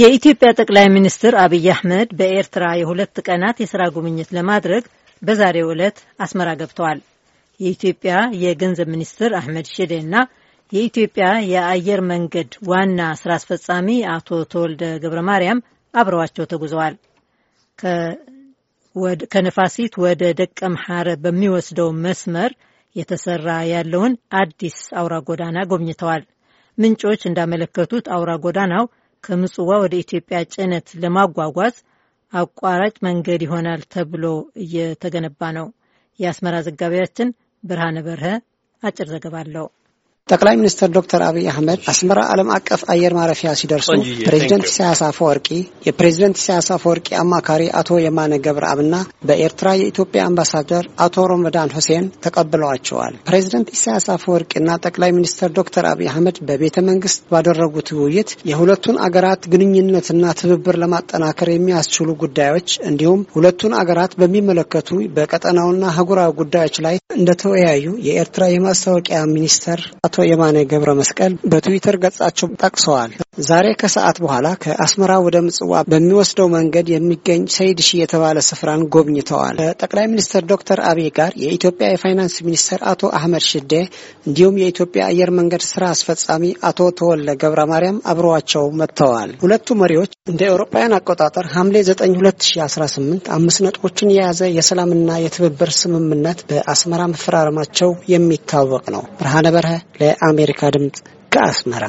የኢትዮጵያ ጠቅላይ ሚኒስትር አብይ አህመድ በኤርትራ የሁለት ቀናት የሥራ ጉብኝት ለማድረግ በዛሬው ዕለት አስመራ ገብተዋል። የኢትዮጵያ የገንዘብ ሚኒስትር አህመድ ሽዴ እና የኢትዮጵያ የአየር መንገድ ዋና ስራ አስፈጻሚ አቶ ተወልደ ገብረ ማርያም አብረዋቸው ተጉዘዋል። ከነፋሲት ወደ ደቀ መሓረ በሚወስደው መስመር የተሰራ ያለውን አዲስ አውራ ጎዳና ጎብኝተዋል። ምንጮች እንዳመለከቱት አውራ ጎዳናው ከምጽዋ ወደ ኢትዮጵያ ጭነት ለማጓጓዝ አቋራጭ መንገድ ይሆናል ተብሎ እየተገነባ ነው። የአስመራ ዘጋቢያችን ብርሃነ በርሀ አጭር ዘገባ አለው። ጠቅላይ ሚኒስትር ዶክተር አብይ አህመድ አስመራ ዓለም አቀፍ አየር ማረፊያ ሲደርሱ ፕሬዚደንት ኢሳያስ አፈወርቂ፣ የፕሬዚደንት ኢሳያስ አፈወርቂ አማካሪ አቶ የማነ ገብረአብና በኤርትራ የኢትዮጵያ አምባሳደር አቶ ሮመዳን ሁሴን ተቀብለዋቸዋል። ፕሬዚደንት ኢሳያስ አፈወርቂና ጠቅላይ ሚኒስትር ዶክተር አብይ አህመድ በቤተ መንግስት ባደረጉት ውይይት የሁለቱን አገራት ግንኙነትና ትብብር ለማጠናከር የሚያስችሉ ጉዳዮች እንዲሁም ሁለቱን አገራት በሚመለከቱ በቀጠናውና አህጉራዊ ጉዳዮች ላይ እንደተወያዩ የኤርትራ የማስታወቂያ ሚኒስተር አቶ የማነ ገብረ መስቀል በትዊተር ገጻቸው ጠቅሰዋል። ዛሬ ከሰዓት በኋላ ከአስመራ ወደ ምጽዋ በሚወስደው መንገድ የሚገኝ ሰይድ ሺ የተባለ ስፍራን ጎብኝተዋል። ከጠቅላይ ሚኒስትር ዶክተር አብይ ጋር የኢትዮጵያ የፋይናንስ ሚኒስትር አቶ አህመድ ሽዴ እንዲሁም የኢትዮጵያ አየር መንገድ ስራ አስፈጻሚ አቶ ተወለ ገብረ ማርያም አብረዋቸው መጥተዋል። ሁለቱ መሪዎች እንደ ኤውሮፓውያን አቆጣጠር ሐምሌ 9 2018 አምስት ነጥቦችን የያዘ የሰላምና የትብብር ስምምነት በአስመራ መፈራረማቸው የሚታወቅ ነው። ብርሃነ በርሀ ለአሜሪካ ድምፅ ከአስመራ